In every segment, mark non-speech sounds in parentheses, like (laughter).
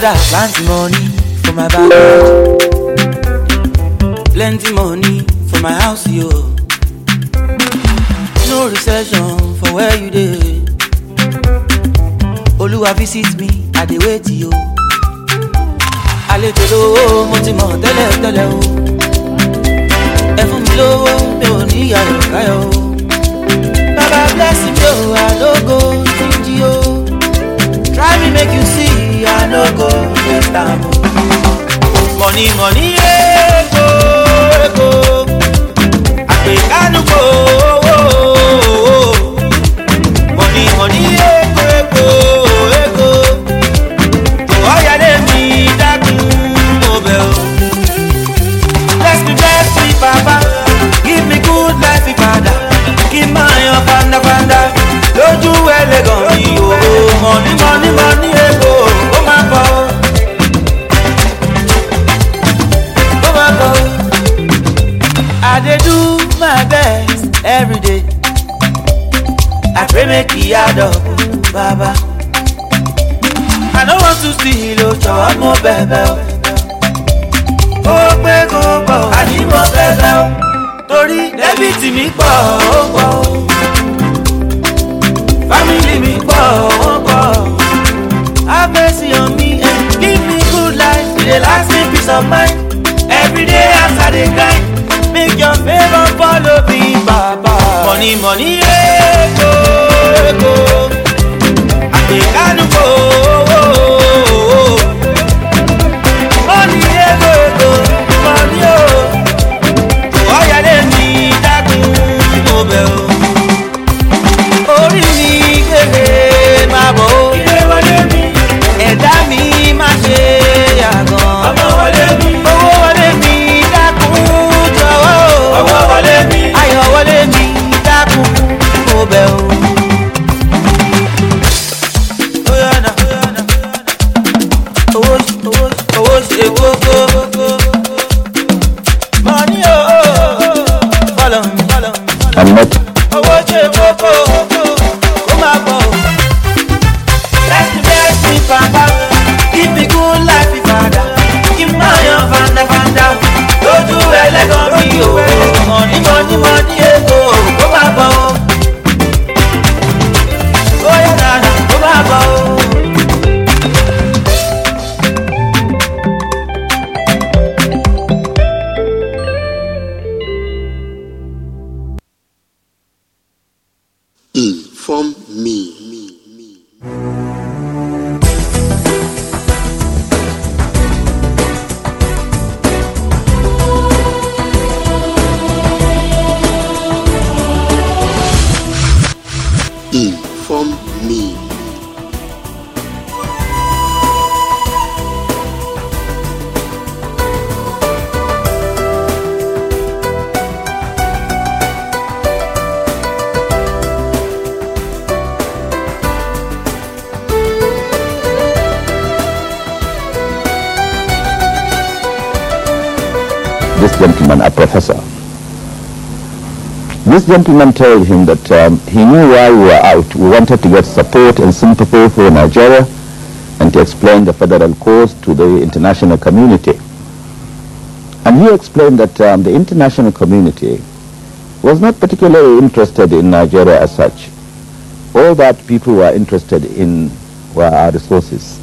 father plenty money for my backyard plenty money for my house yo no recession for where you dey olúwa visit me i dey wait yo àlejò lówó mo ti mọ̀ tẹ́lẹ̀ tẹ́lẹ̀ o ẹ fún mi lówó mi ò ní ìyàwó káyọ̀ o baba bless me o adogo jinji o try me make you see i no go get am money money ego ego àgbékánu kò owó money money ego ego ego kò ọ̀yàdé mi dákun mo o. bless me bless me papa give me good life ìpadà kí n máa yan fandafanda lójú ẹlẹ́gàn mi o money money. make e add up baba. I don't want to see you jọ̀wọ́ mo bẹ̀bẹ̀ o. Ó pé kó pọ̀ àní mo bẹ̀bẹ̀ o. Torí débìtì mi me ó pọ̀ o. Fámìlì mi pọ̀ ó pọ̀ on me and eh. give me good life. E last me peace of mind. Every day I dey grind. Make your favour follow me, Baba. Money, money, yeah, go. Oh. this gentleman a professor. This gentleman told him that um, he knew why we were out. We wanted to get support and sympathy for Nigeria and to explain the federal cause to the international community. And he explained that um, the international community was not particularly interested in Nigeria as such. All that people were interested in were our resources.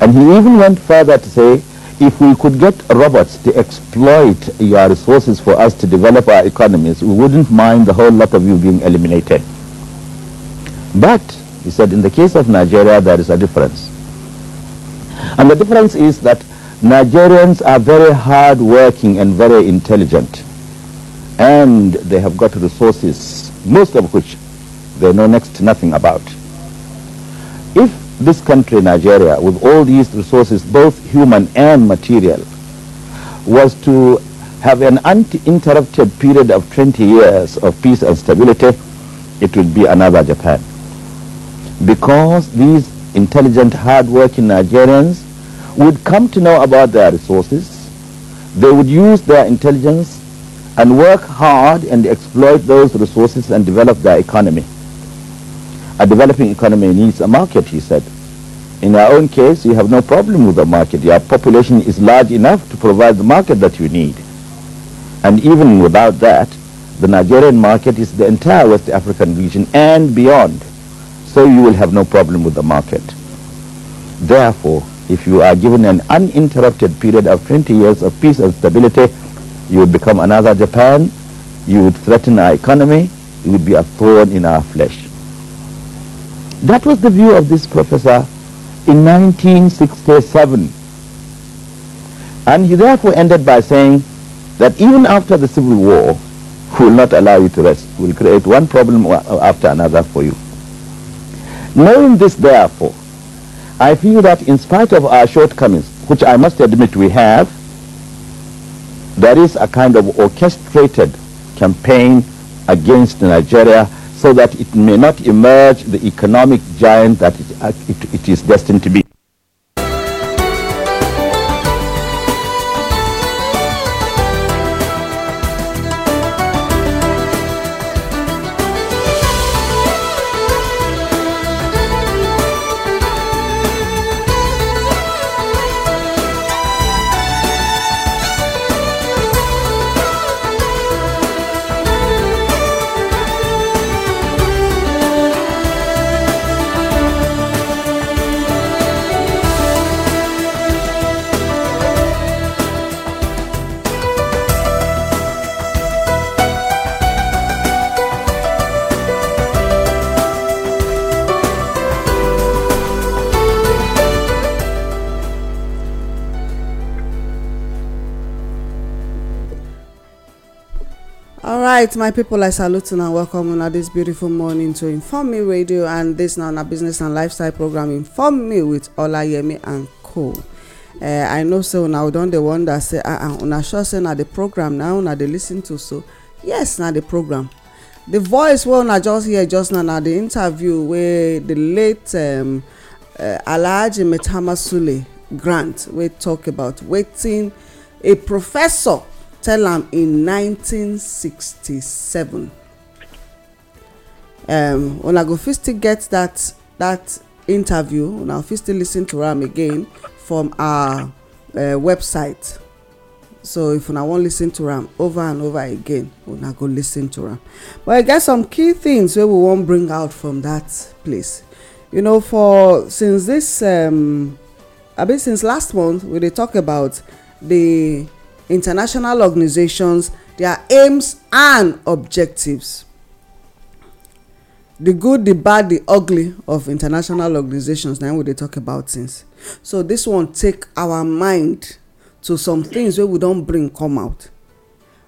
And he even went further to say if we could get robots to exploit your resources for us to develop our economies, we wouldn't mind the whole lot of you being eliminated. But, he said, in the case of Nigeria, there is a difference. And the difference is that Nigerians are very hard-working and very intelligent. And they have got resources, most of which they know next to nothing about. If this country, Nigeria, with all these resources, both human and material, was to have an uninterrupted period of 20 years of peace and stability, it would be another Japan. Because these intelligent, hard-working Nigerians would come to know about their resources, they would use their intelligence and work hard and exploit those resources and develop their economy a developing economy needs a market, he said. In our own case, you have no problem with the market. Your population is large enough to provide the market that you need. And even without that, the Nigerian market is the entire West African region and beyond. So you will have no problem with the market. Therefore, if you are given an uninterrupted period of 20 years of peace and stability, you would become another Japan, you would threaten our economy, you would be a thorn in our flesh. That was the view of this professor in 1967. And he therefore ended by saying that even after the Civil War, will not allow you to rest, will create one problem after another for you. Knowing this, therefore, I feel that in spite of our shortcomings, which I must admit we have, there is a kind of orchestrated campaign against Nigeria so that it may not emerge the economic giant that it, it, it is destined to be. right my pipo like saluting and welcome una this beautiful morning to inform me radio and this now a business and lifestyle program inform me with olayemi and co eh, i know say una don dey wonder say ah una sure say na di program now una they listen to so yes now the program the voice wey I just hear just now now the interview wey the late um, eh, alhaji metama sule grant We talk about waiting a professor tell am in 1967 um una go fit still get that that interview una fit still lis ten to am again from our uh, website so if una wan lis ten to am over and over again una go lis ten to am but i get some key things wey we wan bring out from that place you know for since this um, i mean since last month we dey talk about the international organizations their aims and objectives the good the bad the ugly of international organizations na we dey talk about things so this one take our mind to some things wey we don bring come out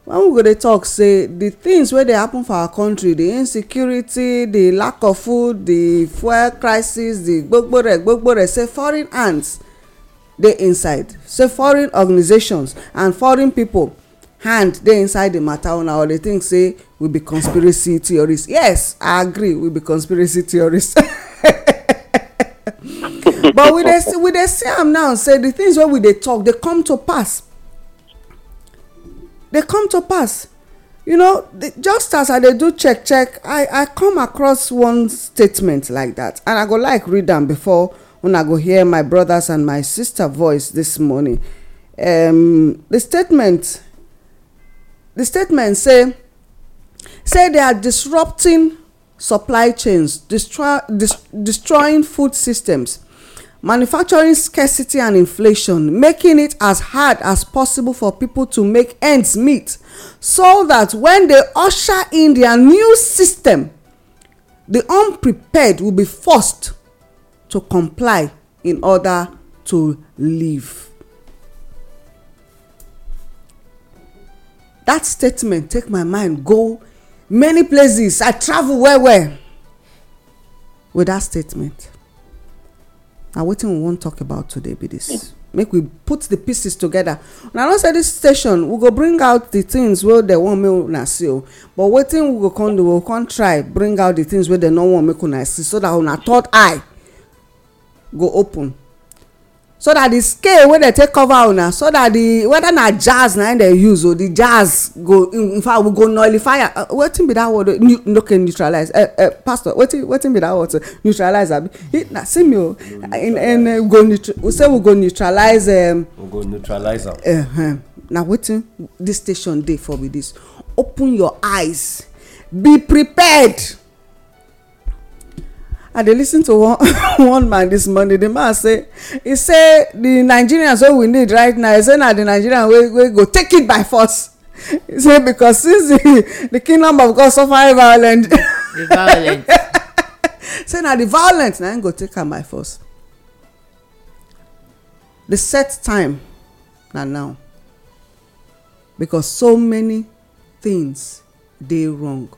when we go dey talk say the things wey dey happen for our country the insecurity the lack of food the fuel crisis the gbogbore gbogbore say foreign ants dey inside so foreign organisations and foreign pipo hand dey inside di matter una or dey think say we be conspiracy theorists yes i agree we be conspiracy theorists (laughs) but we dey see am now say di things wey we dey talk dey come to pass dey come to pass you know just as i dey do check check i i come across one statement like that and i go like read am before una go hear my brothers and my sister voice this morning um, di statement the statement say say they are disrupting supply chains destroy, dis, destroying food systems manufacturing scarcity and inflation making it as hard as possible for people to make ends meet so that when they usher in their new system the unprepared will be forced to comply in order to live. that statement take my mind go many places i travel well well with that statement na wetin we wan talk about today be this make we put the pieces together una know say this station we go bring out the things wey dem wan make una see o oh. but wetin we go come do we go come try bring out the things wey dem no wan make una see so that una third eye go open so that the scale wey dem take cover una so that the whether na jazz na im dem use o the jazz go in fact we go nullify uh, wetin be that word okay neutralize eh eh pastor wetin be that word neutralize abi na see me o in eh, go say we go neutralize emm um, we go neutralize am uh-huh. na wetin this station dey for be this open your eyes be prepared i dey lis ten to one (laughs) one man this morning the man say he say the nigerians wey we need right now he say na the Nigerians wey wey go take it by force (laughs) he say because since the the kingdom of god suffer violent. the violent. (laughs) say na the violent na him go take am by force. the set time na now because so many things dey wrong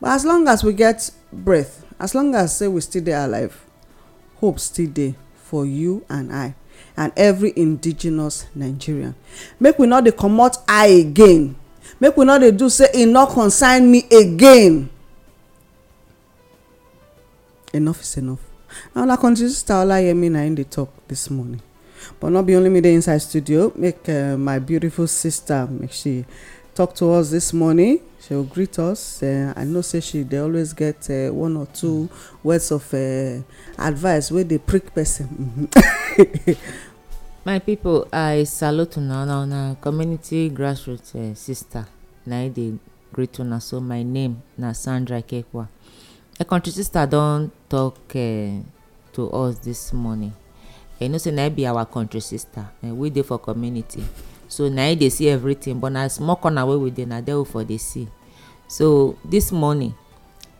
but as long as we get breath as long as say we still dey alive hope still dey for you and i and every indigenous nigerian make we no dey comot eye again make we no dey do say e no concern me again enough is enough na una continue sister olayemi na im dey talk this morning but no be only me dey inside studio make uh, my beautiful sister make she talk to us this morning she will greet us uh, i know say she dey always get uh, one or two mm. words of uh, advice wey dey prick person. Mm-hmm. (laughs) my people i salute una una una community grassroots uh, sister na e dey greet una so my name na sandra kekwa my country sister don talk uh, to us this morning you know say na be our country sister uh, we dey for community so na e dey see everything but na small corner wey we dey na there we for dey see so this morning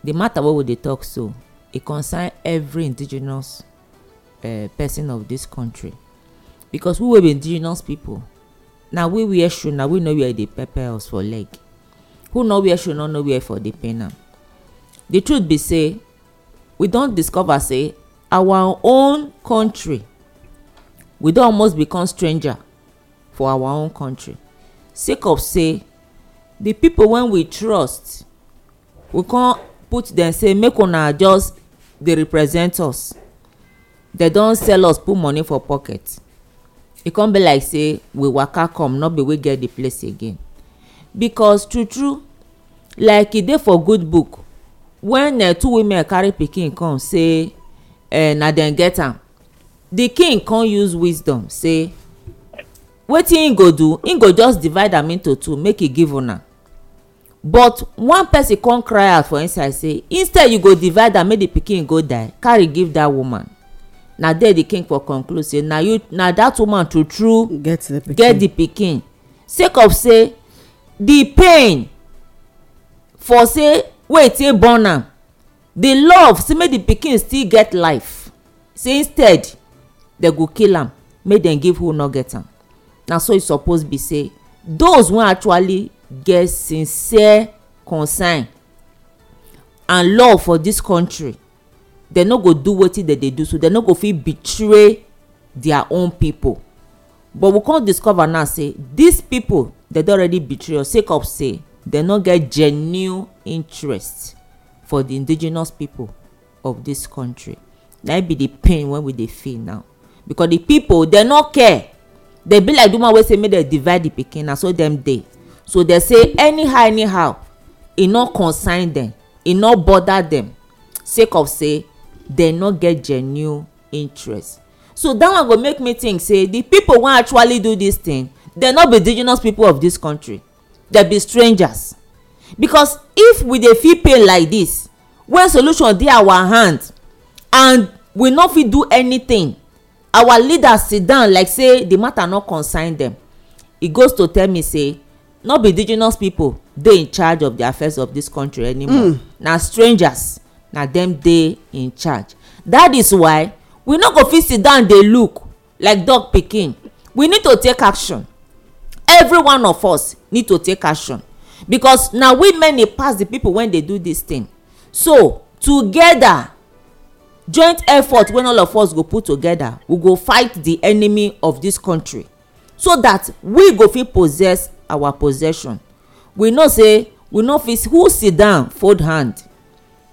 the matter wey we dey talk so e concern every indigenous uh, person of this country because we wey be indigenous people na we wear shoe na we know where e dey pepper us for leg who no wear shoe no know where for dey pain am the truth be say we don discover say our own country we don almost become stranger for our own country sake of say the people wey we trust we come put dem say make una just dey represent us dem don sell us put money for pocket e come be like say we waka come no be we get the place again because true true like e dey for good book when uh, two women carry pikin come say uh, na dem get am the king come use wisdom say wetin im go do im go just divide am into two make e give una but one person come cry out for inside say instead you go divide am make the pikin go die carry give that woman na there the king for conclude say na you na that woman true true get the pikin get the pikin sake of say the pain for say wetin born am the love say make the pikin still get life say instead dem go kill am make dem give who no get am na so e suppose be say those wey actually get sincere concern and love for dis country dem no go do wetin dem dey do so dem no go fit betray their own people but we come discover now say dis people dem don already betray us sake of say dem no get genuine interest for di indigenous people of dis country na e be di pain wey we dey feel now because di people dem no care dey be like the one wey say make dem divide the pikin na so dem dey so dey say anyhow anyhow e no concern dem e no bother dem sake of say dem no get genuine interest so that one go make me think say the people wey actually do this thing dem no be indigenous people of this country dem be strangers because if we dey feel pain like this when solution dey our hand and we no fit do anything our leaders sit down like say the matter no concern them e goes to tell me say no be indigenous people dey in charge of the affairs of this country anymore mm. na strangers na them dey in charge that is why we no go fit sit down dey look like dog pikin we need to take action every one of us need to take action because na we many pass the people wey dey do this thing so together joint effort wey all of us go put together we go fight the enemy of this country so that we go fit possess our possession we know say we no fit who sit down fold hand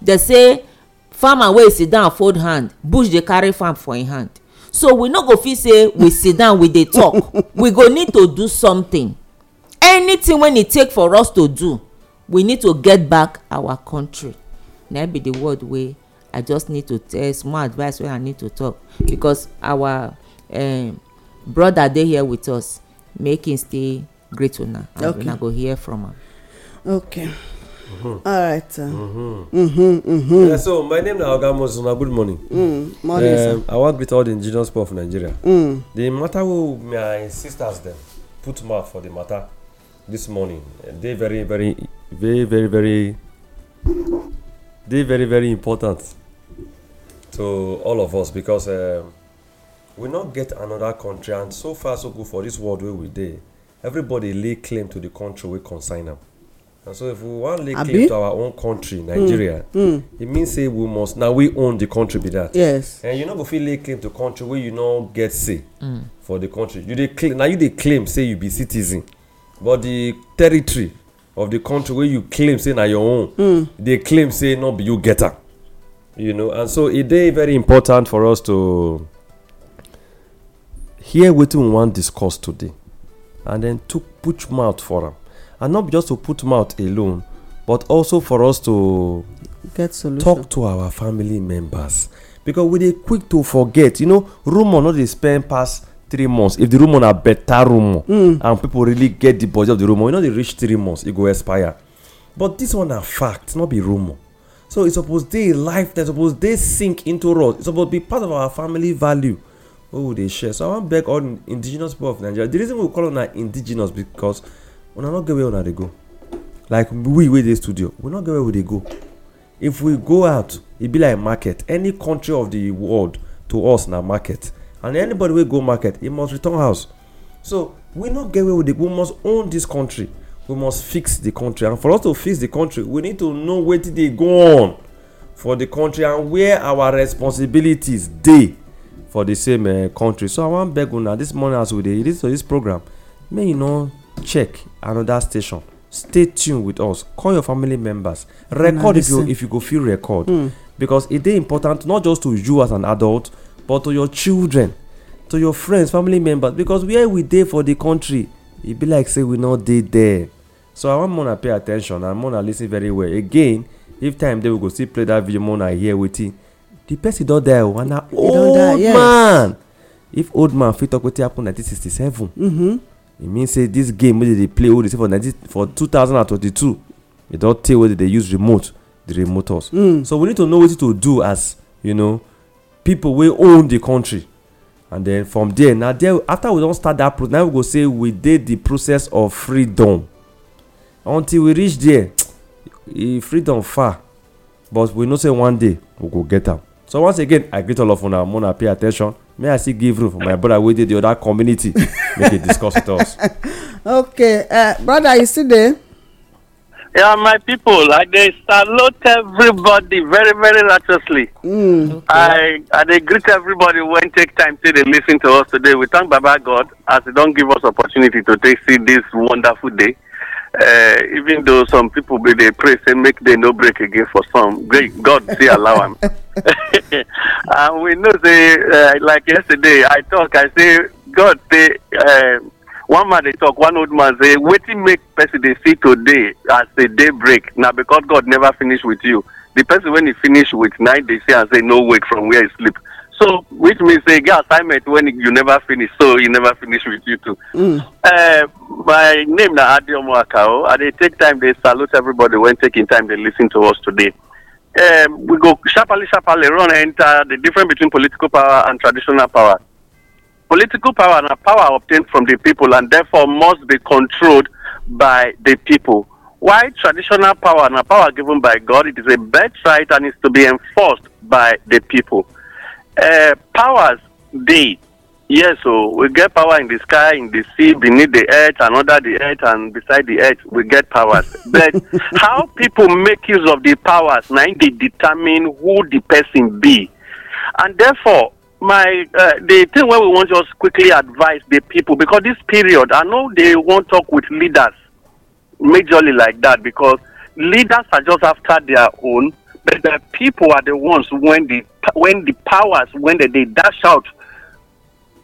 dey say farmer wey sit down fold hand bush dey carry farm for im hand so we no go fit say we sit down we dey talk we go need to do something anything wey e take for us to do we need to get back our country na be the word wey i just need to tell small advice wey i need to talk because our um, brother dey here with us make him stay greet una and okay. una go hear from am. okay. Mm-hmm. All right. Uh, mm-hmm. Mm-hmm, Yeah, so my name is Oga Mosuna. Good morning. Mm, morning um, I want to greet all the indigenous people of Nigeria. Mm. The matter who my sisters them put mouth for the matter this morning, they eh, very very very very very they very very important to all of us because um, we not get another country and so far so good for this world wey we dey everybody lay claim to the country wey concern am and so if we wan lay claim to our own country hmm. nigeria mm. Mm. e mean say we must na we own the country be that yes and you no go fit lay claim to country wey you no get say mm. for the country you dey claim na you dey claim say you be citizen but the territory of the country wey you claim say na your own mm. claim say no be you get am you know and so e dey very important for us to hear wetin we wan discuss today and then to put mouth for am and not just to put mouth alone but also for us to get solution talk to our family members because we dey quick to forget you know rumour no dey spend pass three months if the rumour na better rumour mm. and people really get the body of the rumour e no dey reach three months e go expire but this one na fact no be rumour So it's supposed they life that supposed they sink into us. It's supposed to be part of our family value. Oh, they share. So I want to beg all indigenous people of Nigeria. The reason we call on indigenous because when I not get where they go. Like we with the studio, we not get where they go. If we go out, it be like market. Any country of the world to us now market. And anybody will go market, it must return house. So we not get where they go. We must own this country. we must fix the country and for us to fix the country we need to know wetin dey go on for the country and where our responsibilities dey for the same uh, country so i wan beg una this morning as we dey lis ten to this program may you no check another station stay tuned with us call your family members record if you if you go fit record mm. because e dey important not just to you as an adult but to your children to your friends family members because where we dey for the country e be like say we no dey there so i want more pay attention and more lis ten very well again if time dey we go still play that video more hear wetin the person don die o oh, and na old man if old man fit talk wetin happen 1967 mm-hmm. e mean say this game wey dey dey play wey dey say for 19 for 2022 e don tey wey dey dey use remote the remote Mm. so we need to know wetin to do as you know people wey own the country and then from there na there after we don start that process now we go say we dey the process of freedom until we reach there e (tsk) freedom far but we know say one day we go get am so once again i greet all of una mona. pay attention may i still give room for my brother wey dey the other community make e discuss with us. (laughs) okay uh, brother you still dey. Yeah, my people, I they salute everybody very, very righteously. Mm, okay. I I they greet everybody when take time to they listen to us today. We thank Baba God as he don't give us opportunity to take see this wonderful day uh, even though some people be dey pray say make they no break again for some great god still allow am (laughs) and we know say uh, like yesterday i talk i say god say uh, eh, one man dey talk one old man say wetin make person dey see today as a day break na because god never finish with you the person wey he finish with na him dey see am say no wake from where he sleep so which means they get assignment when you never finish so you never finish with you too. Mm. Uh, my name is adeomo akao oh. And they take time They salute everybody when taking time They listen to us today. Um, we go sharply sharply run enter the difference between political power and traditional power. Political power na power obtained from the people and therefore must be controlled by the people. Why traditional power na power given by God, it is a birthright and is to be enforced by the people. Uh, powers day. Yes, so oh, we get power in the sky, in the sea, beneath the earth, and under the earth, and beside the earth. We get powers. but (laughs) how people make use of the powers, now they determine who the person be. And therefore, my uh, the thing where we want just quickly advise the people because this period, I know they won't talk with leaders majorly like that because leaders are just after their own That the people are the ones when the when the powers when they, they dash out.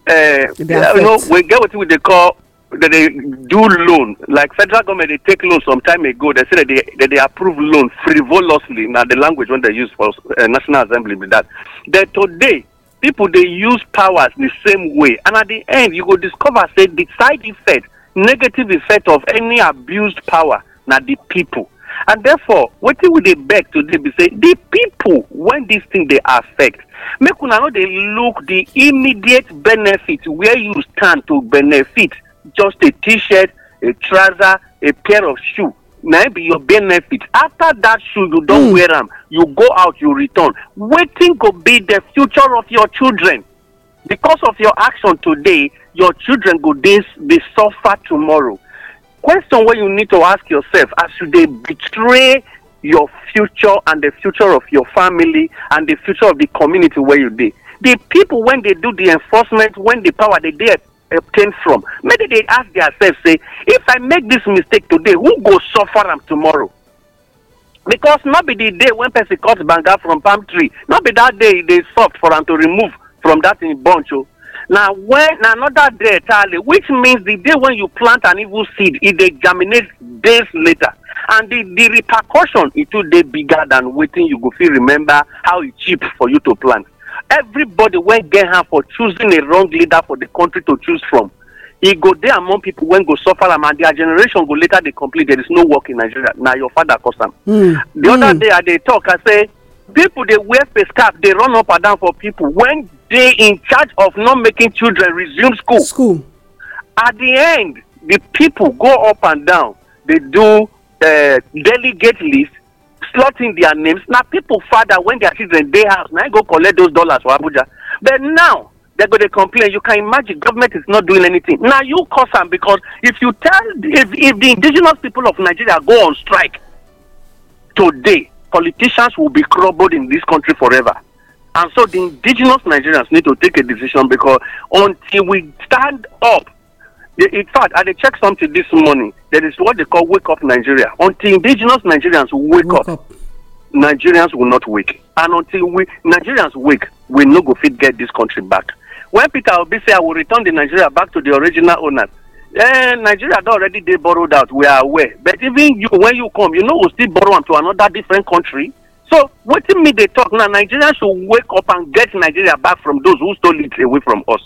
Uh, you know, we get what they call that they do loan. Like federal government, they take loan some time ago. They say that they that they approve loan frivolously. Now the language when they use for uh, national assembly with that. That today people they use powers the same way, and at the end you will discover say the side effect, negative effect of any abused power, now the people. and therefore wetin we dey beg today be say The people, wen this thing dey affect make una no dey look the immediate benefit where you stand to benefit just a t-shirt a trouser a pair of shoe na be your benefit after that shoe you don hmm. wear am you go out you return wetin go be the future of your children because of your action today your children go dey suffer tomorrow question wey you need to ask yourself as you dey betray your future and the future of your family and the future of the community where you dey the people when they do the enforcement when the power they dey obtain from maybe they ask themselves say if i make this mistake today who go suffer am tomorrow because not be the day when person cut banga from palm tree not be that day e dey soft for am to remove from that im bunch o oh na when na another day entirely which means the day when you plant an evil seed it dey germinate days later and the the repercussion e too dey bigger than wetin you go fit remember how e cheap for you to plant everybody wey get hand for choosing a wrong leader for the country to choose from e go dey among people wey go suffer am and their generation go later dey complete. there is no work in nigeria na your father cause am. Mm. the mm. other hmm. day i dey talk i say people dey wear face cap dey run up and down for people when they in charge of not making children resume school. School. At the end, the people go up and down. They do uh, delegate list, slotting their names. Now people father when their children they house, now go collect those dollars for Abuja. But now they go to complain. You can imagine government is not doing anything. Now you cause them because if you tell if, if the indigenous people of Nigeria go on strike today, politicians will be crumbled in this country forever. And so the indigenous Nigerians need to take a decision because until we stand up, in fact, I checked something this morning. That is what they call wake up Nigeria. Until indigenous Nigerians wake, wake up, up, Nigerians will not wake. And until we Nigerians wake, we no go fit get this country back. When Peter Obi say I will return the Nigeria back to the original owners, eh, Nigeria don already dey borrowed out. We are aware. But even you, when you come, you know, we we'll still borrow am to another different country. So waiting me they talk now. Nigeria should wake up and get Nigeria back from those who stole it away from us.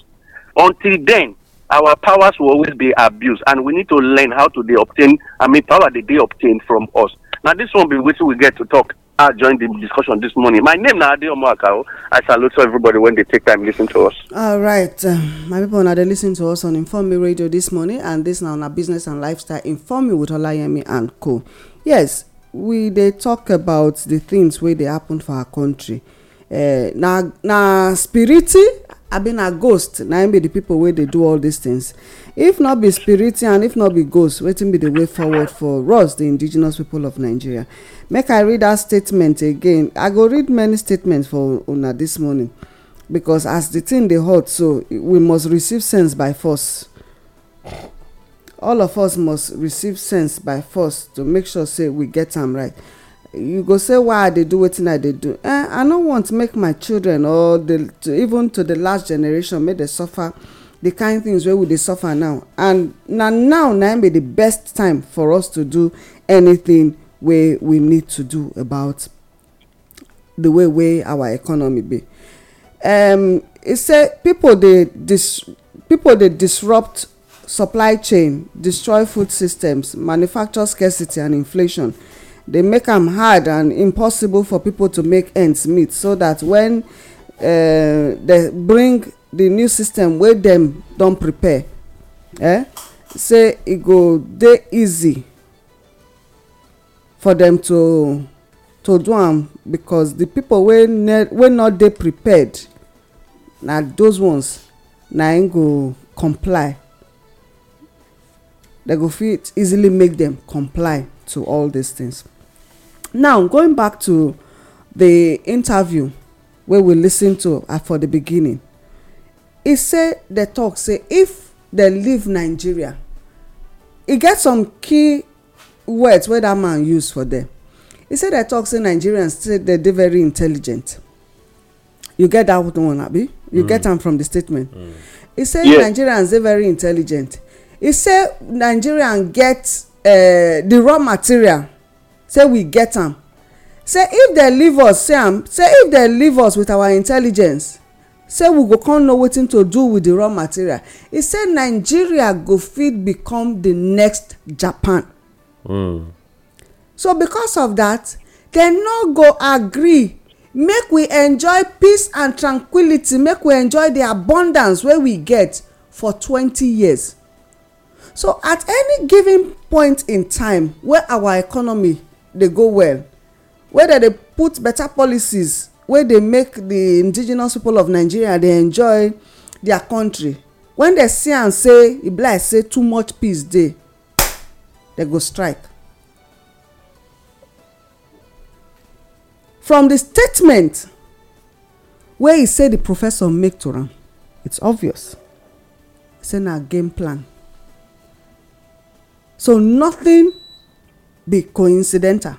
Until then, our powers will always be abused, and we need to learn how to they obtain. I mean, power that they obtain from us. Now this won't be waiting we get to talk. I uh, join the discussion this morning. My name na Adeomo Akao. I salute to everybody when they take time listen to us. All right, uh, my people, now they listen to us on Inform Me Radio this morning, and this now on business and lifestyle. Inform Me with Olayemi and Co. Yes, we dey talk about the things wey dey happen for our country uh, na na spiriti abi na ghost na im be the people wey dey do all these things if not be spiriti and if not be ghost wetin be the way forward for us the indigenous people of nigeria make i read that statement again i go read many statements for una this morning because as the thing dey hot so we must receive sense by force all of us must receive sense by force to make sure say we get am right you go say why i dey do wetin i dey do eh i no want make my children or the to even to the last generation make dem suffer the kind things wey we dey suffer now and na now na be the best time for us to do anything wey we need to do about the way wey our economy be um e say people dey dis people dey disrupt supply chain destroy food systems manufacture scarcity and inflation dey make am hard and impossible for people to make ends meet so that when uh, they bring the new system wey dem don prepare eh, say e go dey easy for dem to to do am because the people wey wey no dey prepared na those ones na im go comply They go fit easily make them comply to all these things now going back to the interview where we lis ten to for the beginning he said the tok say if they leave nigeria he get some key words where that man used for them. He said dey tok say nigerians say dem dey very intelligent you get dat one abi you get them mm. from the statement mm. e say nigerians are very intelligent e say nigeria get eh, the raw material say we get am say if dem leave us say am say if dem leave us with our intelligence say we go come know wetin to do with the raw material e say nigeria go fit become the next japan hmm. so because of that, dem no go agree make we enjoy peace and tranquility make we enjoy the abundance wey we get for twenty years so at any given point in time wey our economy dey go well wey dem dey put better policies wey dey make the indigenous people of nigeria dey enjoy their country When dem see am say e be like say too much peace dey dem go strike from the statement wey e say the professor make to am its obvious say na game plan So nothing be coincidental.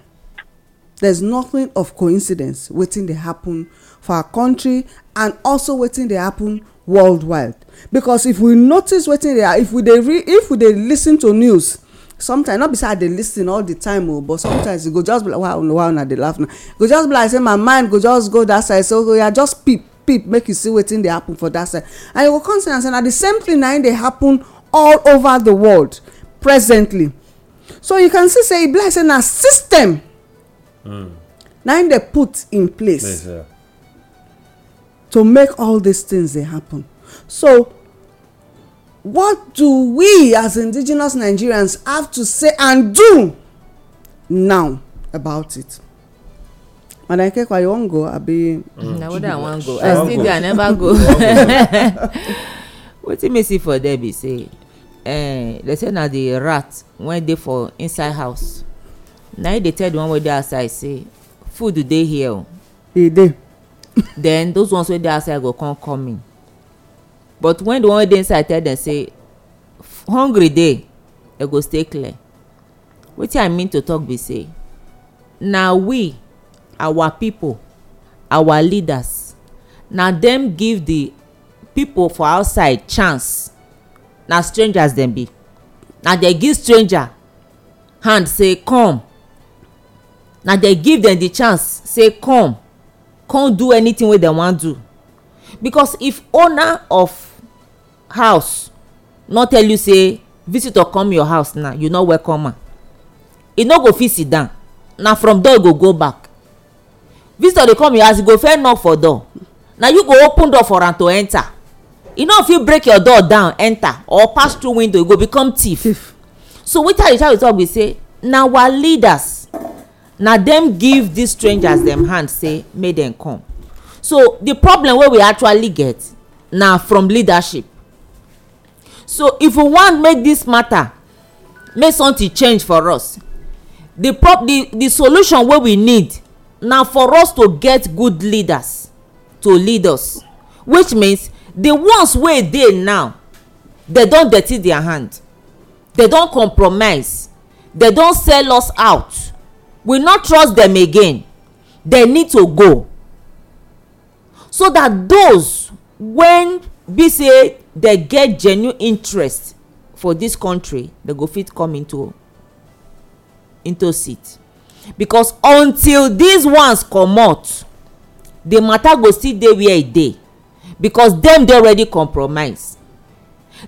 There's nothing of coincidence wetin dey happen for our country and also wetin dey happen worldwide because if we notice wetin dey if we dey if we dey lis ten to news sometimes no be say i dey lis ten all the time o oh, but sometimes e go just be like wow wow una dey laugh now e go just be like say my mind go just go that side so oya oh, just peep peep make you see wetin dey happen for that side and you go come see am say na the same thing na im dey happen all over the world presently so you can see say e be like say na system na im dey put in place to make all these things dey happen so what do we as indigenous nigerians have to say and do now about it madam ikekwa you wan go abi. Mm, na whether i wan go i still dey i never (laughs) go (laughs) wetin me see for there be say uh, they say na the rat wey dey for inside house na him dey tell the one wey dey outside say food dey here o. Oh. e dey. (laughs) then those ones wey dey outside go come come in but when the one wey dey inside tell dem say hungry dey dem go stay clear wetin i mean to talk be say na we our people our leaders na dem give the people for outside chance na strangers dem be na dem give stranger hand say come na dem give dem the chance say come come do anything wey dem wan do because if owner of house no tell you say visitor come your house now you no welcome am e no go fit sit down na from door e go go back visitor dey come your house e go first knock for door na you go open door for am to enter you no fit break your door down enter or pass through window you go become thief, thief. so wetin i try to talk be say na our leaders na dem give these strangers dem hand say make dem come so the problem wey we actually get na from leadership so if we wan make this matter make something change for us the prop the the solution wey we need na for us to get good leaders to lead us which means the ones wey dey now dem don dirty their hand dem don compromise dem don sell us out we no trust dem again dem need to go so that those when be say dem get genuine interest for this country dem go fit come into into seat because until these ones comot the matter go still dey where e dey because dem dey already compromise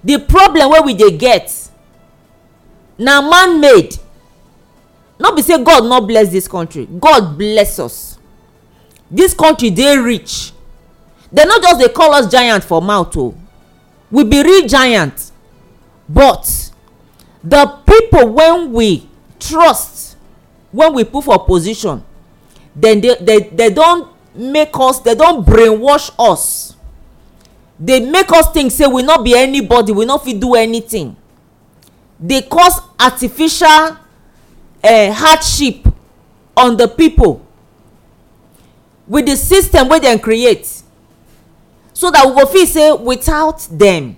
the problem wey we dey get na man made no be say god no bless this country god bless us This country dey rich dem no just dey call us giant for mouth o oh. we be real giant but the people wen we trust when we put for position dem don make us dem don brainwash us dey make us think say we no be anybody we no fit do anything dey cause artificial uh, hardship on the people with the system wey dem create so that we go feel say without dem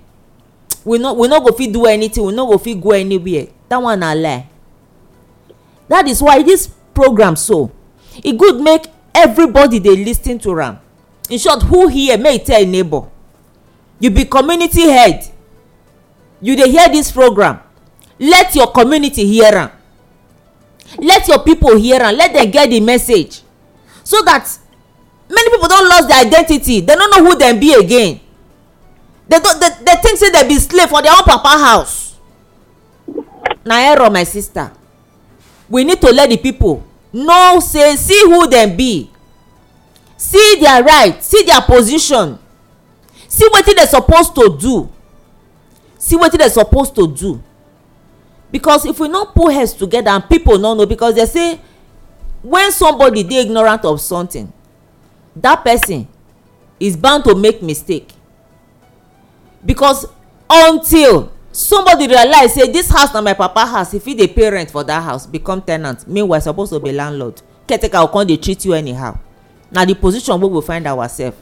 we no we no go fit do anything we no go fit go anywhere that one na lie that is why this program so e good make everybody dey lis ten to am in short who here may e tell e neighbor you be community head you dey hear this program let your community hear am let your people hear am let them get the message so that many people don lost their identity They no know who them be again They they they think say they be slave for their own papa house na error my sister we need to let the people know say see who them be see their right see their position see wetin dem suppose to do see wetin dem suppose to do because if we no put heads together and people no know because they say when somebody dey ignorant of something that person is bound to make mistake because until somebody realize say this house na my papa house if he dey pay rent for that house become ten ant meanwhile suppose to be landlord caretaker go come dey treat you anyhow na the position wey we find ourselves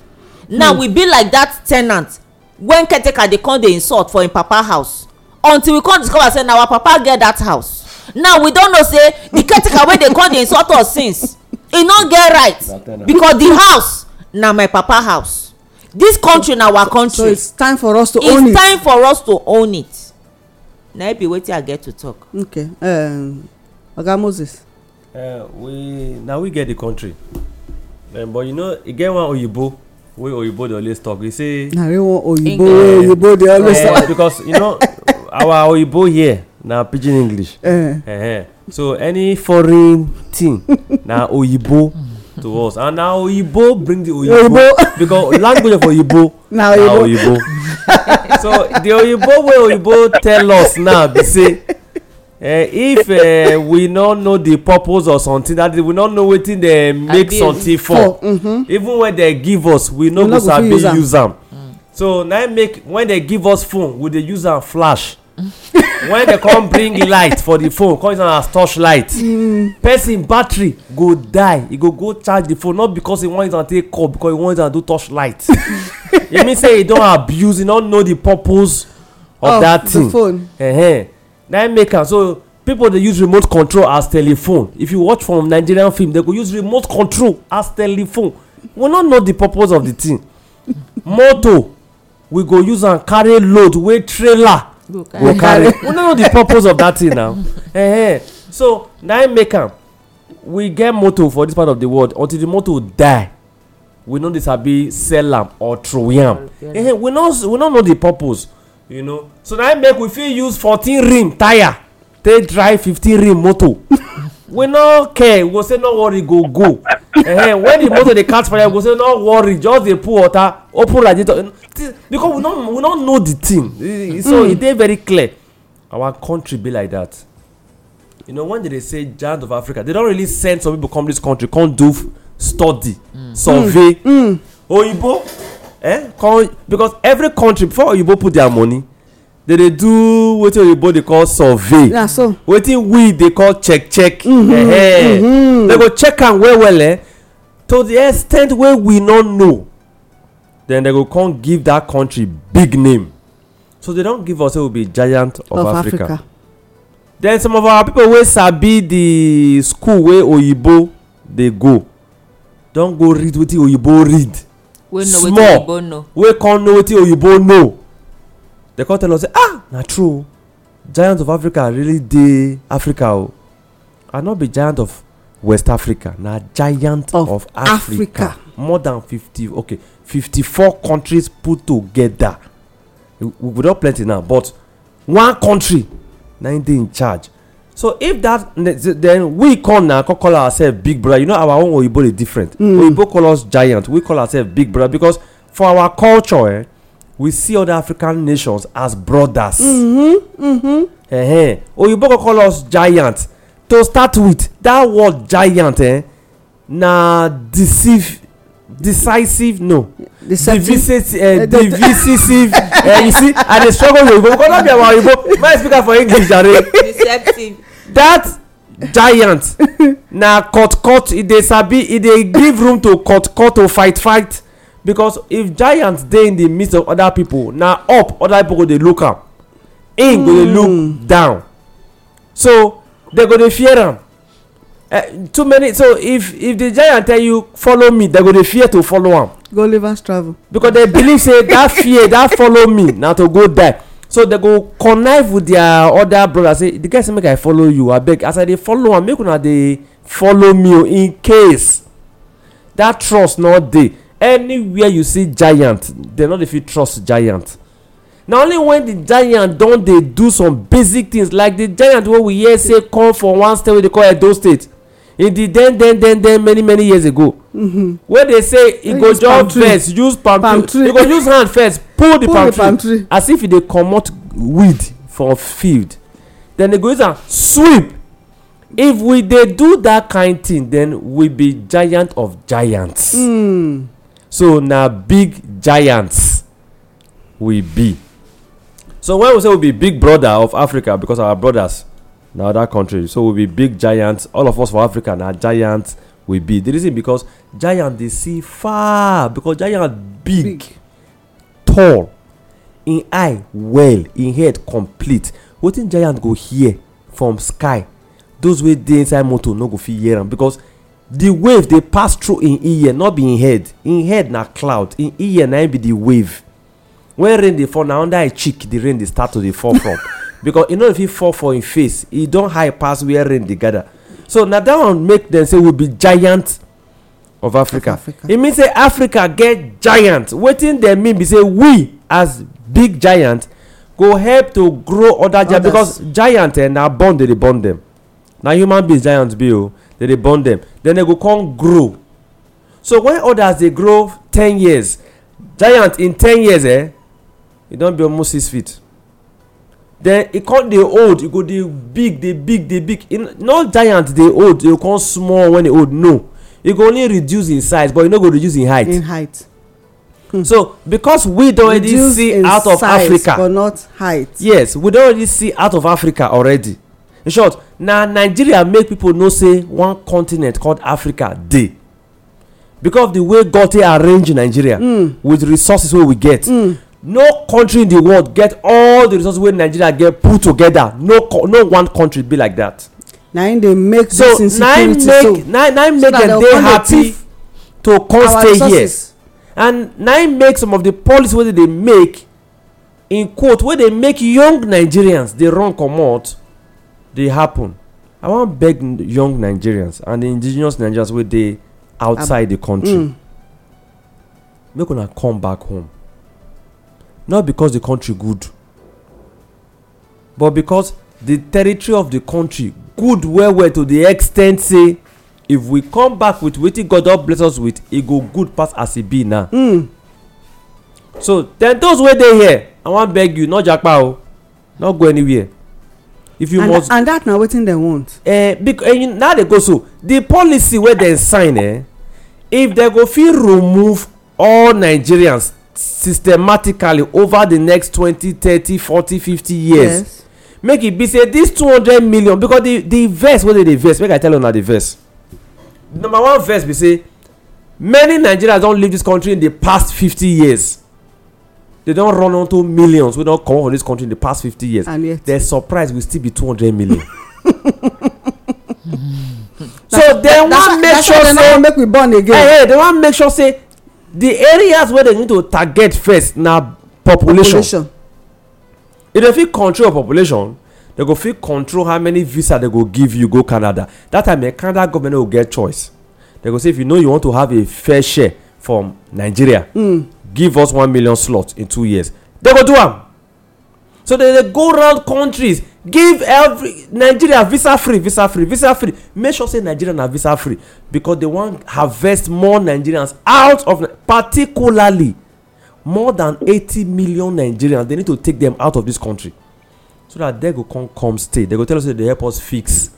now hmm. we be like that ten ant wen caretaker dey come dey insult for im papa house until we come discover say na our papa get that house now we don know say the caretaker wey dey come dey insult us since e no get right because the house na my papa house This country na our country so its time for us to own it its time for us to own it na e be wetin i get to talk. okay um, oga moses Uh, we na we get di country but you know e get one oyibo We oyibo dey always talk We say na real one oyibo oyibo dey eh, always talk because you know (laughs) our oyibo here na pidgin english -huh. Eh. Eh, so any foreign thing na oyibo to (laughs) us and na oyibo bring the oyibo (laughs) because language of oyibo na oyibo so the oyibo wey oyibo tell us now be say Eh, if eh, we no know the purpose of something that we no know wetin dem make something for mm-hmm. even when dem give us we no go sabi use am mm. so na make when dem give us phone we dey use am flash (laughs) when dem come bring light for the phone come use am as torch light mm. person battery go die e go go charge the phone not because e wan use am take call because e wan use am do torch light (laughs) e mean say e don abuse e no know the purpose of that thing of the phone na im so people dey use remote control as telephone if you watch from nigerian film they go use remote control as telephone we no know the purpose of the thing (laughs) motor we go use am carry load wey trailer go carry (laughs) we no know the purpose of that thing now eh so na im we get motor for this part of the world until the motor die we no dey sabi sell am or throw am we no know the purpose you know so na make we fit use fourteen rim tire take drive fifteen rim motor (laughs) we no care we go say no worry go go uh, when the motor dey catch fire we go say no worry just dey pour water open radiator because we no we no know the thing e, e, so hmm. e dey very clear our country be like that you know when they dey say giant of africa they don really send some people come this country come do study hmm. survey hmm. oyinbo eh because every country before oyibo put their money they dey do wetin oyibo dey call survey na so wetin we dey call check check mm-hmm, eh, eh. Mm-hmm. they go check am well well eh to the extent wey we no know then they go come give that country big name so they don give us say we be giant of africa then some of our people wey sabi the school wey oyibo dey go don go read wetin oyibo read small wey come know wetin oyibo know dem come tell us say ah na true giant of africa really dey africa o and not be giant of west africa na giant of africa more than fifty. okay fifty-four countries put together we don plenty now but one country na im dey in charge so if that then we come now come call ourselves big brother you know our own oyibo dey different mm. oyibo call us giant we call ourselves big brother because for our culture eh, we see other african nations as brothers hmm hmm uh oyibo go call us giant to start with that word giant eh, na deceive decisive no eh, (laughs) eh, divisive uh, eh, divisive uh, you see i dey struggle with oyibo because no be our oyibo my speaker for english jare. deceptive that giant (laughs) na cut cut e dey sabi e dey give room to cut cut to fight fight because if giant dey in the midst of other people na up other people go dey look am im go dey look hmm. down so dem go dey fear am eh, too many so if if the giant tell you follow me dem go dey fear to follow am go live as travel because dem believe say that fear that follow me na to go die so they go connive with their other brothers say the guy say make i follow you abeg as i dey follow am make una dey follow me oh, in case that trust no dey anywhere you see giant dem no dey fit trust giant na only when the giant don dey do some basic things like the giant wey we hear say come for one state wey dey call edo state in the then then then then many many years ago mm-hmm. wey dey say e go just first use palm tree e go use hand first pull the palm tree as if e dey comot weed for field then e go use am sweep if we dey do that kind thing then we be giant of giants mm. so na big giants we be so when we say we be big brother of africa because our brothers na other country so we be big giants all of us for africa na giants we be the reason because giant dey see far because giant big, big. tall im eye well im head complete wetin giant go hear from sky those wey dey inside motor no go fit hear am because the wave dey pass through im ear not be im head im head na cloud im ear na be the wave when rain dey fall na under im cheek the rain dey start to dey fall from (laughs) because e no fit fall for im face e don high pass where rain dey gather so na that one make them say we be giant of africa It mean say africa get giant wetin dem mean be say we as big giant go help to grow other giant because giant eh, na born dey dey born dem na human beings giant be o oh, dem dey born dem then dem go come grow so when others dey grow ten years giant in ten years eh e don be almost six feet then e come dey old e go dey big dey big dey big e no giant dey old e go come small when e old no e go only reduce in size but e no go reduce in height in height (laughs) so because we don already see out of africa but not height yes we don already see out of africa already in short na nigeria make people know say one continent called africa dey because of the way god take arrange nigeria mm. with resources wey we get mm no country in the world get all the resources wey nigeria get put together no no one country be like that. na im dey make so dis insecurity so na im make dem dey happy to come stay resources. here and na im make some of the policy wey dem dey make in quote wey dey make young nigerians dey run comot dey happen i wan beg young nigerians and the indigenous nigerians wey dey outside the country mm. make una come back home not because the country good but because the territory of the country good well well to the extent say if we come back with wetin god don bless us with e go good pass as e be now. Mm. so then those wey dey here i wan beg you no japa o no go anywhere if you and, must and that na wetin dem want. Uh, eh, because uh, now dey go so the policy wey dem sign eh, if dem go fit remove all nigerians systematically over the next twenty thirty forty fifty years make e be say this two hundred million because the the verse wey dey dey verse make i tell una the verse number one verse be say many nigerians don leave this country in the past fifty years they don run onto millions wey don come from this country in the past fifty years their surprise go still be two hundred million (laughs) so they wan make sure say make we born again eh eh dem wan make sure say the areas wey dem need to target first na population if dem fit control your population dem go fit control how many visa dem go give you go canada that time the eh, canada government no get choice dem go say if you know you want to have a fair share from nigeria hmm. give us one million slots in two years dem go do am so dem dey go round countries give every nigeria visa free visa free visa free make sure say nigeria na visa free because they wan harvest more nigerians out of particularly more than eighty million nigerians they need to take them out of this country so that they go come come stay they go tell us say they help us fix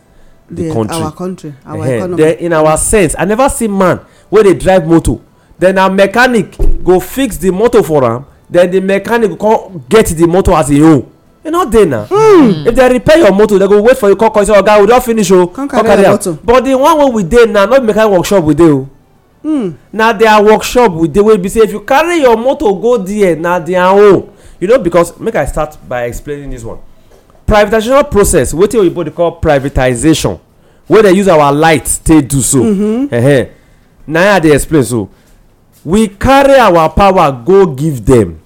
the, the country our country our uh -huh. economy then in our sense i never see man wey dey drive motor then na mechanic go fix the motor for am then the mechanic go come get the motor as e own e no dey na if dem repair your motor dem go wait for you call call say oga oh, we don finish o oh. come carry am but the one wey we dey now no be mechanic workshop we dey o na their workshop we dey wey be say if you carry your motor go there na their own you know because make i start by explaining this one privatization process wetin oyibo dey call privatization wey dey use our light take do so mm-hmm. na i dey explain so we carry our power go give dem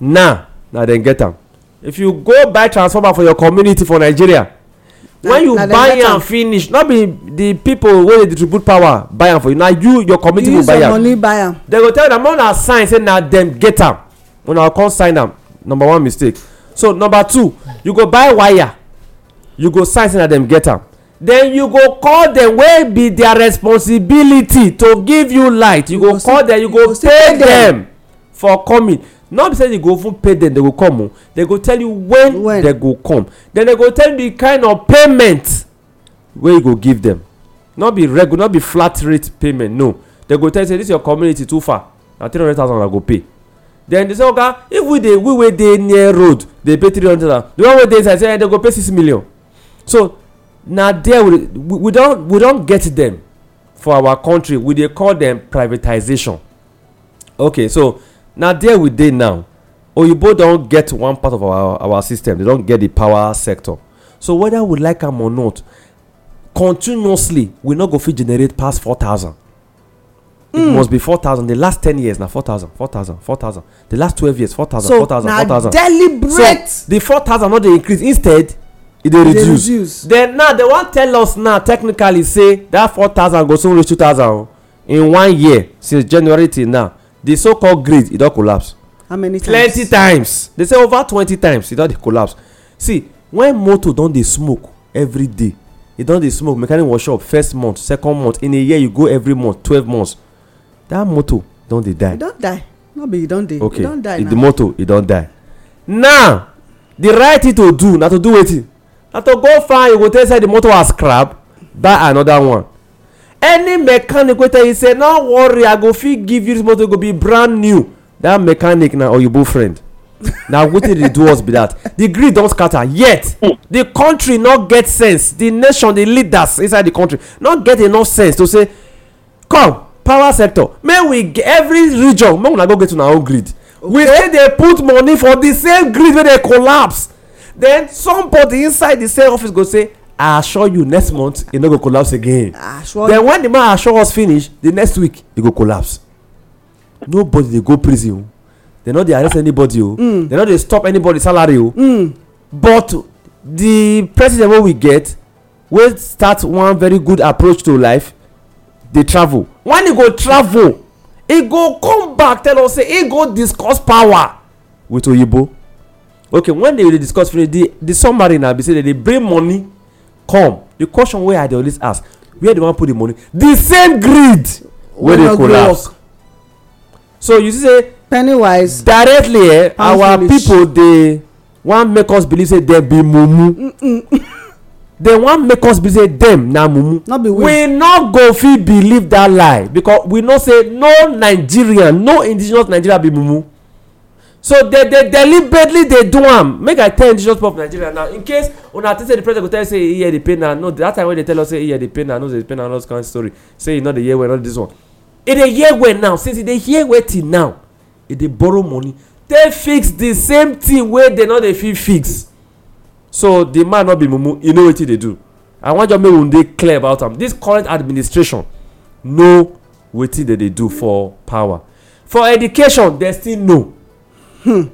now na dem get am if you go buy transformer for your community for nigeria when you buy am finish not be the people wey dey distribute power buy am for you na you your community go buy am They go tell you na una sign say na dem get am una come sign am number one mistake so number two you go buy wire you go sign say na dem get am then you go call dem wey be their responsibility to give you light you go call dem you go pay dem for coming not be say you go even pay them, they go come o oh. dem go tell you when they go come then they go tell you the kind of payment wey you go give them. not be regular not be flat rate payment no they go tell you say this your community too far na three hundred thousand i go pay then they say oga if we dey we wey dey near road dey pay three hundred thousand the one wey dey inside say eh, they go pay six million so na there we we don we don get them for our country we dey call them privatization okay so na there we dey now oyibo don get one part of our our system they don get the power sector so whether we like am or not continuously we no go fit generate pass thousand. it hmm. must be four thousand. the last ten years na thousand, four thousand. the last twelve years four four thousand, thousand, four thousand. so na deliberate so the thousand no dey increase instead e dey e reduce then now they wan tell us now technically say that four thousand go soon reach two thousand in one year since january till now the so called grade e don collapse how many times plenty times they say over twenty times e don dey collapse see when motor don dey smoke every day e don dey smoke mechanic workshop first month second month in a year you go every month twelve months that motor don dey die e don die no be e don dey e okay the motor e don die now the right thing to do na to do wetin na to go find you go take sell the motor as scrap buy another one any mechanic wey tell you say no worry i go fit give you this motor go be brand new that mechanic na oyibo friend (laughs) na wetin dey do us be that the grid don scatter yet the country no get sense the nation the leaders inside the country no get enough sense to say come power sector May we every region may una go get una own grid we say dey put money for the same grid wey dey collapse then somebody inside the same office go say i assure you next month e no go collapse again then when the man assure us finish the next week e go collapse nobody dey go prison oh. they no dey arrest anybody o oh. mm. they no dey stop anybody salary o oh. mm. but the president wey we get wey start one very good approach to life dey travel when e go travel he go come back tell us say he go discuss power with oyibo okay when they dey discuss finish the the summary na be say they dey bring money come the question wey i dey always ask where the wan put the money the same greed wey dey collapse so you see say wise directly eh our people dey wan make us believe say dem be mumu dem (laughs) wan make us believe say dem na mumu we no go fit believe dat lie because we know say no nigerian no indigenous Nigerian be mumu so they dey deliberately dey do am make i tell indigenous people of nigeria now in case una think say the president go tell you say he hear the pain na no that time wey they tell us say he hear the pain na nose the pain na all those kind story say e no dey hear well all this one e dey hear well now since e dey hear well till now e dey borrow money take fix the same thing wey they no dey fit fix so the man no be mumu e know wetin e dey do i wan just make we dey clear about am this current administration know wetin they dey do for power for education they still know hmm.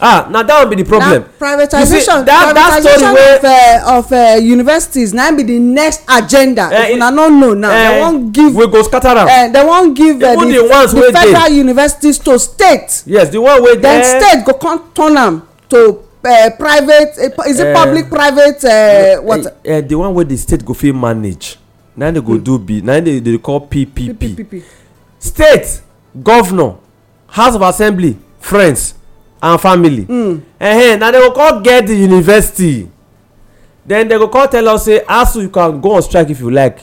ah na that one be the problem na privatization privatization of uh, of uh, universities na be the next agenda eh, if una no know now they eh, wan give we go scatter am dem eh, wan give uh, the federal universities to state yes the one wey then state go come turn am to private is it public private what uh, the one wey the state go fit manage na im dey go hmm. do be na im dey dey call ppp state governor house of assembly friends and family -hmm. na dem go come get the university then they go call tell us say asu you can go on strike if you like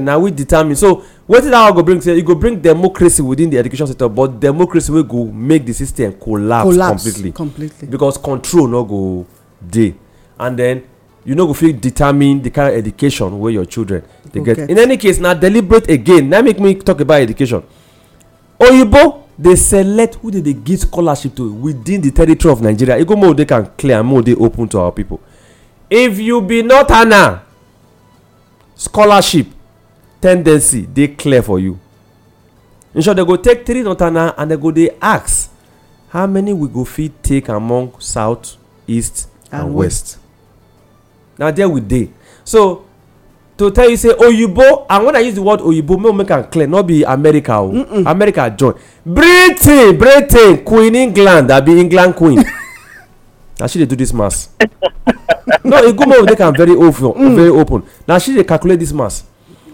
na we determine so wetin dat one go bring say e go bring democracy within the education sector but democracy wey go make the system collapse completely completely because control no go dey and then you no go fit determine the kind of education wey your children dey get in any case na deliberate again na make me talk about education oyibo dey select who dey dey give scholarship to within di territory of nigeria e go more dey can clear and more dey open to our pipo if you be northerner scholarship tendency dey clear for you in short dem go take three northerner and dem go dey ask how many we go fit take among south east and west na there we dey so to tell you say oyibo and when i use the word oyibo make we make am clear no be america o oh. mm -mm. america join britain britain queen england abi england queen (laughs) na she dey do this mass (laughs) no e good make we make am very open mm. very open na she dey calculate this mass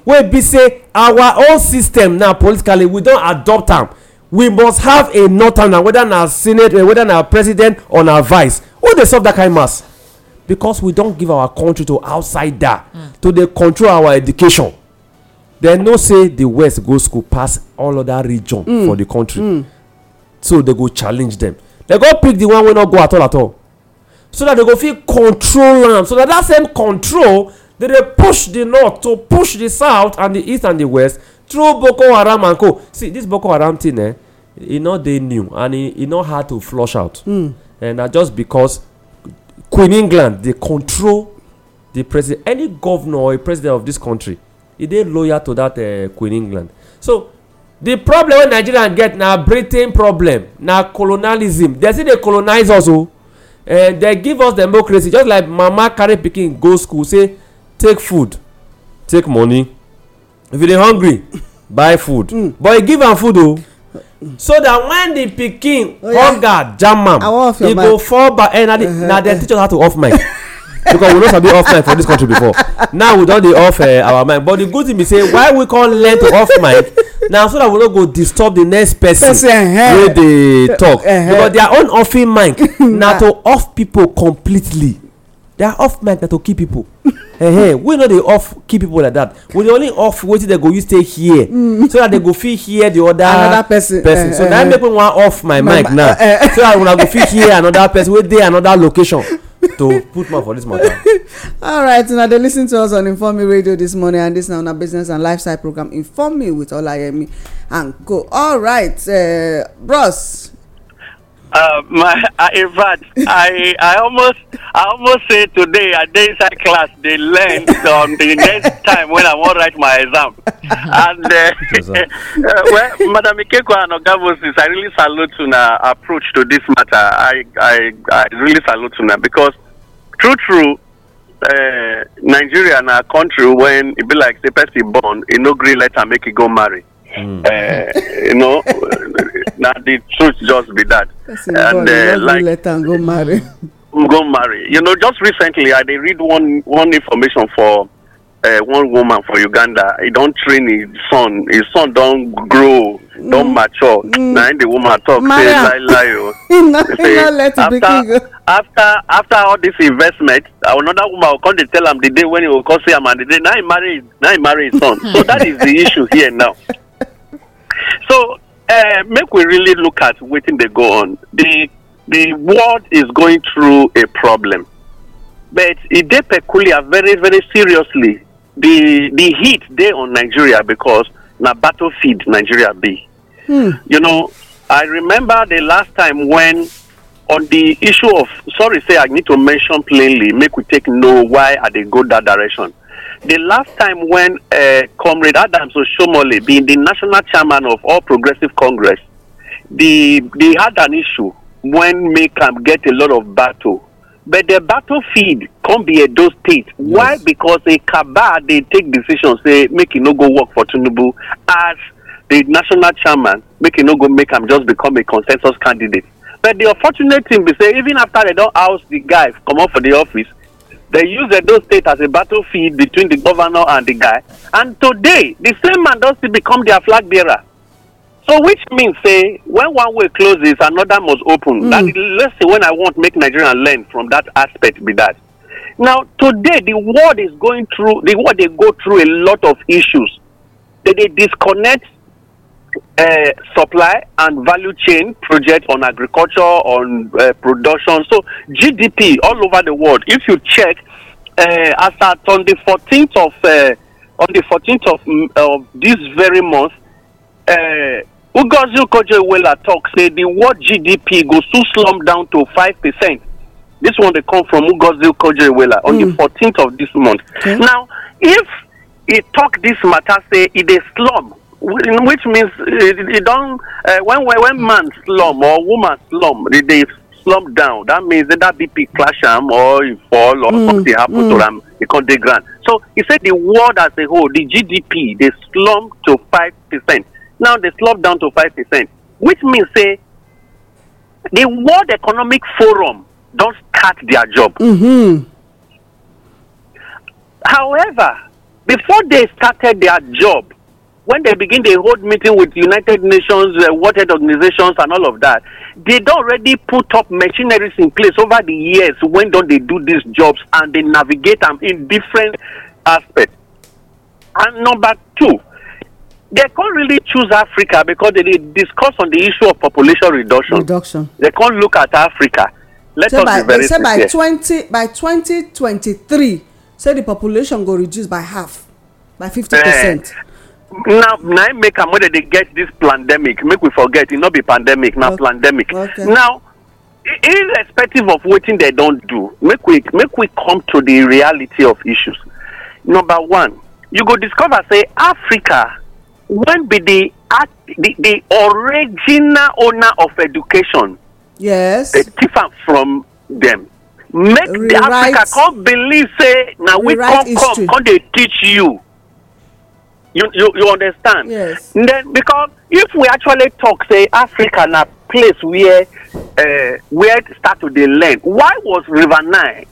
wey be say our own system now politically we don adopt am we must have a northerner whether na senator, eh, whether na president or na vice who dey solve that kind mass because we don give our country to outsider to dey control our education dem know say the west go school pass all other region mm. for the country mm. so dem go challenge dem dem go pick the one wey no go at all at all so that dem go fit control am so that that same control dey dey push the north to push the south and the east and the west through boko haram and co see this boko haram thing, eh e no dey new and e, e no hard to flush out mm. na just because queen england dey control the president any governor or president of this country e dey loyal to dat eh, queen england so the problem wey nigeria get na britain problem na colonialism dem still dey colonize us o oh. dem eh, give us democracy just like mama carry pikin go school say take food take money if you dey hungry buy food hmm. but e give am food o oh so that when the pikin oh, hunger jam am e go fall back eh na dem teach us how to off mic (laughs) because we no sabi off mic for dis country before now we don dey off eh, our mic but the good thing be say why we con learn to off mic na so that we no go disturb the next person wey dey talk because their own offing mic (laughs) na to off people completely they are off mic na to kill pipo hey, (laughs) eh, eh we no dey off kill people like that we only off wetin they go use take hear mm. so that they go fit hear the other person person so na eh, eh, make me wan off my mic now so that una go fit hear another person wey dey another location to put my for this matter (laughs) All right, now they listen to us on inform me radio this morning and this now on una business and lifestyle program inform me with All I olayemi and go. co alright bros Uh, my, (laughs) I, in fact, I, I almost, I almost say today at the inside class they learn on the next time when I want to write my exam. (laughs) And uh, uh, (laughs) uh, well, Madam Ikeko and I really salute to na approach to this matter. I, I, I really salute to na because true, true. Uh, Nigeria and our country when it be like the person born, it no green letter make it go marry. Mm. Uh, you know, Now the truth just be that. and uh, like let and go marry. (laughs) go marry. You know, just recently I did read one one information for uh, one woman for Uganda. He don't train his son. His son don't grow, mm. don't mature. Mm. Now the woman talk say lie lie o. Oh. (laughs) after after after all this investment, another woman will come to tell him the day when he will come see him and the day now he marry now he marry his son. so that is the issue here now. (laughs) So uh, make we really look at what they go on the the world is going through a problem but it e dey peculiar very very seriously the the heat dey on nigeria because na battlefield nigeria be hmm. you know i remember the last time when on the issue of sorry say i need to mention plainly make we take know why are they go that direction the last time when uh, Comrade Adams Oshomole, being the national chairman of All Progressive Congress, the, they had an issue when Maycamp get a lot of battle. But the battlefield can't be Edo State. Yes. Why? Because a cabal they take decisions, say make it no go work for Tunubu as the national chairman, make it no go make him just become a consensus candidate. But the unfortunate thing be say even after they don't house the guy come up for the office, They use Edo State as a battlefield between the governor and the guy. And today, the same man does become their flag bearer. So which means say when one way closes, another must open. Mm. That is lesson when I want make Nigeria learn from that aspect be that. Now today the world is going through the world they go through a lot of issues. They, they disconnect uh, supply and value chain project on agriculture, on uh, production. So GDP all over the world. If you check, uh, as at on the 14th of uh, on the 14th of, mm, of this very month, uh, Ugozu Kojewela talk say the world GDP goes to slump down to five percent. This one they come from Ugozu Kojewela on mm. the 14th hmm. of this month. Okay. Now, if he talk this matter, say it is slump which means e eh, don eh, when when man slum or woman slum they dey slump down that means either bp clash am or fall or mm, something happen to mm. am The come dey so he said the world as a whole the gdp they slump to five percent now they slump down to five percent which means say the world economic forum don't start their job mm-hmm. however before they started their job when they begin they hold meeting with United Nations, uh, World Health Organizations, and all of that, they don't already put up machineries in place over the years when don't they do these jobs and they navigate them in different aspects. And number two, they can't really choose Africa because they discuss on the issue of population reduction. Reduction. They can't look at Africa. Let so us by, be very they say by twenty by twenty twenty three, say the population go reduce by half by fifty percent. Eh, na na im make am wey dem dey get dis pandemic make we forget e no be pandemic na pandemic now irrespective of wetin dem don do make we make we come to the reality of issues number one you go discover say africa wen be the the the original owner of education yes dey thief from dem make the africa come believe say na we come come come dey teach you you you you understand. yes then because if we actually talk say africa na place where uh, where start to dey learn why was river nile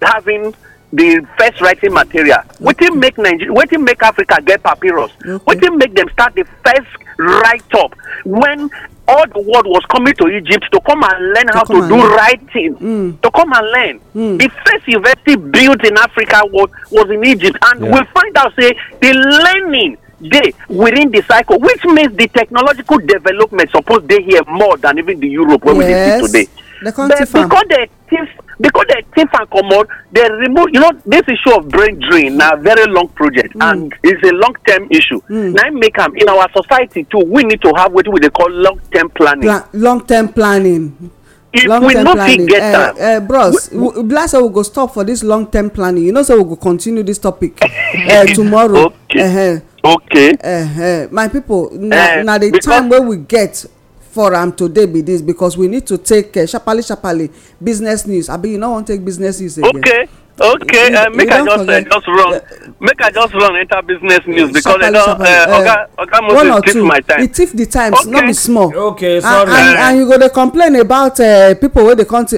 having the first writing material okay. wetin make nigeria wetin make africa get papyrus okay. wetin make dem start the first right up when all the world was coming to Egypt to come and learn to how to do learn. right mm. to come and learn. Mm. The first university built in Africa was, was in Egypt, and yeah. we find out say the learning dey within the cycle, which means the technological development suppose dey here more than even the Europe where yes. we dey see today. The but because the thief because the thing can come they remove, you know, this issue of brain drain a very long project mm. and it's a long term issue. Mm. Now, make them in our society too, we need to have what we call long term planning. Pla long term planning. If long we not fit get am. Uh, uh, bros we, be we go stop for this long term planning you know say so we go continue this topic uh, (laughs) tomorrow. okay uh eh, -huh. Eh. okay. Uh -huh. my people now uh, na the time wey we get for am today be this because we need to take sharparly sharparly business news abi you no wan take business news again okay okay uh, make i just uh, just run make i just run enter business news because i don uh, oga oga moses thief my time e thief the times no be small okay sorry and and you go dey complain about people wey dey come to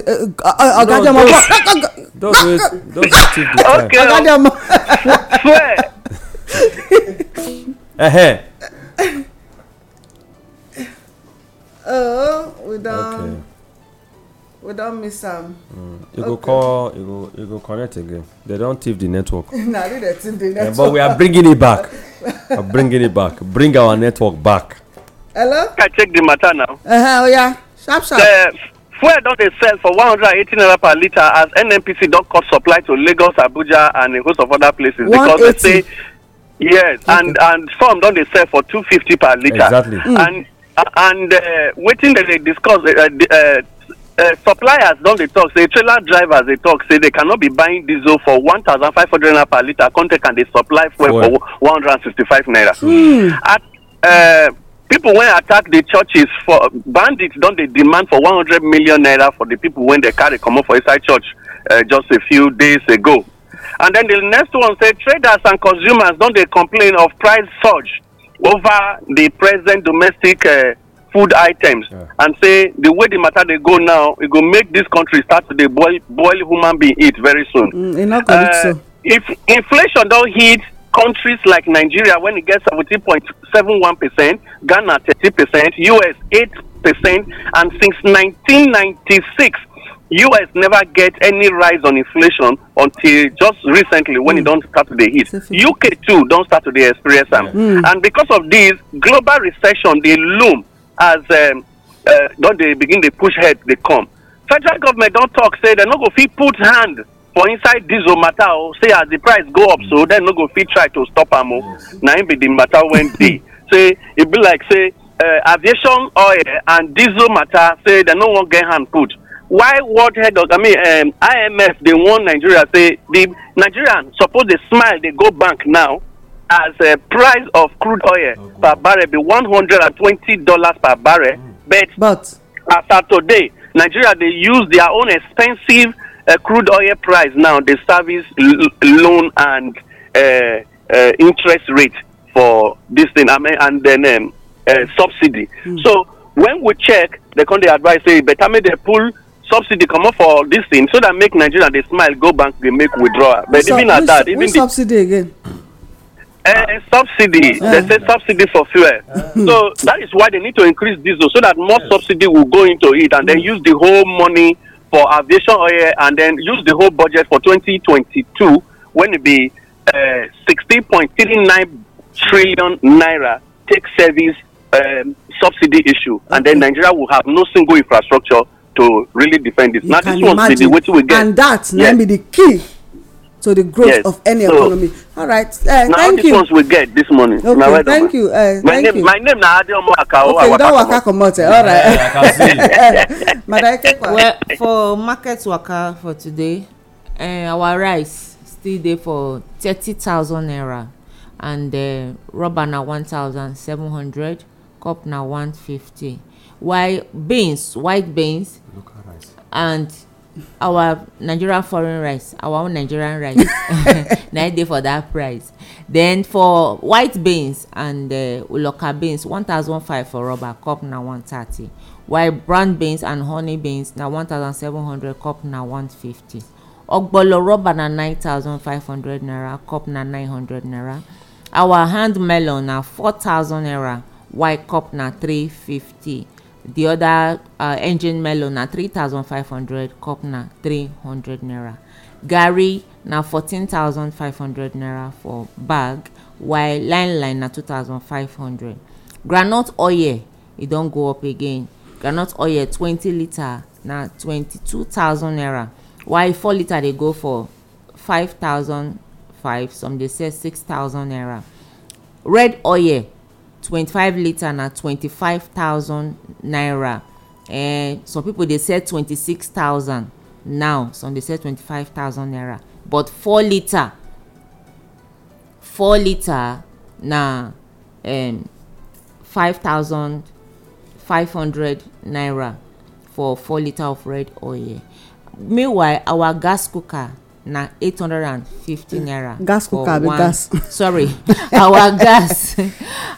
oga jamo those wey thief the time okay oga jamo swear (laughs) oh we don we don't miss am you go call you go you go connect again They don't thief the network (laughs) Nah, they dem thief di eh, network but we are bringing it back bringing it back bring our network back hello i check the matter now Uh oh yeah sharp sharp eh, fuel don dey sell for one hundred and naira per liter? as nnpc don't cut supply to lagos abuja and a host of other places because they say yes and and some don't they sell for two fifty per liter? exactly hmm. and Uh, and uh, waiting that they discuss uh, suppliers don't they talk say trailer drivers they talk say they cannot be buying diesel for one thousand five hundred naira per litre country can they supply for one hundred and sixty-five naira hmm. people when attack the churches for bandits don't they demand for one hundred million naira for the people when they carry comot for inside church just a few days ago and then the next one say traders and consumers don't they complain of price surge over the present domestic uh, food items yeah. and say the way the matter dey go now e go make this country start to dey boil boil human being eat very soon. Mm, uh, so. if inflation don hit countries like nigeria when e get seventeen point seven one percent ghana thirty percent us eight percent and since nineteen ninety-six US never get any rise on inflation until just recently when mm. it hmm. don't start to the heat. UK too don't start to the experience am. Mm. And because of this, global recession they loom as um, uh, don begin dey push head they come. Federal government don't talk say dem no go fit put hand for inside diesel matter say as the price go up so dem no go fit try to stop ammo. o. Na be the matter wey be (coughs) Say it e be like say uh, aviation oil and diesel matter say dem no wan get hand put why world head i mean um, imf dey warn nigeria say the nigerian suppose dey smile dey go bank now as uh, price of crude oil oh, per barrel be one hundred and twenty dollars per barrel mm. but, but as today nigeria dey use their own expensive uh, crude oil price now dey service loan and uh, uh, interest rate for this thing I mean, and then um, uh, subsidy mm. so when we check they come dey advise say better make dem pull subsidy comot for dis thing so that make nigeria dey smile go bank dey make withdrawal but even at that even the subsidy again uh, subsidy yeah. they say subsidy for fuel eh. so that is why they need to increase diesel so that more subsidy will go into it and then mm. use the whole money for aviation oil and then use the whole budget for 2022 when it be uh, eh, 16.39 trillion naira take service um, subsidy issue and then nigeria will have no single infrastructure to really defend it. You now this one be the wetin we get. and that yes. na be the key to the growth yes. of any so, economy. all right uh, now thank you. now this one we get this morning. okay right thank you uh, my thank name, you. my name na adeomo akawo oh, okay you don waka comot all right. (laughs) madaike kwa. well for market waka for today uh, our rice still there for thirty thousand naira and uh, rubber now one thousand seven hundred cup now one fifty while beans white beans and our nigerian foreign rice our own nigerian rice (laughs) (laughs) na dey for that price then for white beans and uh, uloka beans one thousand five for rubber cup na one thirty while brown beans and honey beans na one thousand seven hundred cup na one fifty ogbolo rubber na nine thousand five hundred naira cup na nine hundred naira our hand melon na four thousand naira White cup na three fifty the other uh, engine melon na three thousand five hundred cup na three hundred naira garri na fourteen thousand five hundred naira for bag while line line na two thousand five hundred groundnut oil e don go up again groundnut oil twenty litre na twenty-two thousand naira while four litre dey go for five thousand five some dey sell six thousand naira red oil twenty five litre na twenty five thousand naira um some people dey sell twenty six thousand now some dey sell twenty five thousand naira but four litre four litre na um, five thousand five hundred naira for four litre of red oil meanwhile our gas cooker na eight hundred and fifty eh, naira gas for one. gas (laughs) sorry our (laughs) gas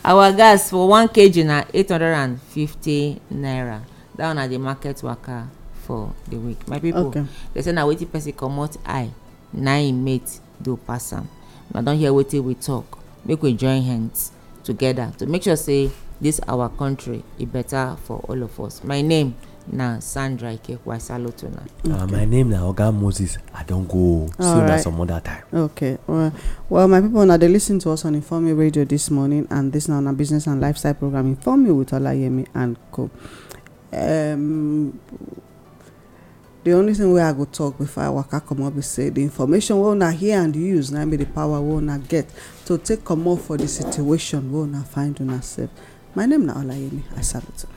our gas for one kg na eight hundred and fifty naira that one na the market waka for the week my people okay. they say na wetin person comot eye na im mate do pass am una don hear wetin we talk make we join hands together to make sure say this our country e better for all of us my name na sandra ikekwa salotona uh, okay. uh, my name na oga moses I adongo so right. na some other time okay well, well my people now they listen to us on inform radio this morning and this now on business and lifestyle program inform with olayemi and co um, the only thing wey i go talk before i waka comot be say the information wey una hear and use na be the power wey una get to take comot for the situation wey una find una sef my name na olayemi asabitu.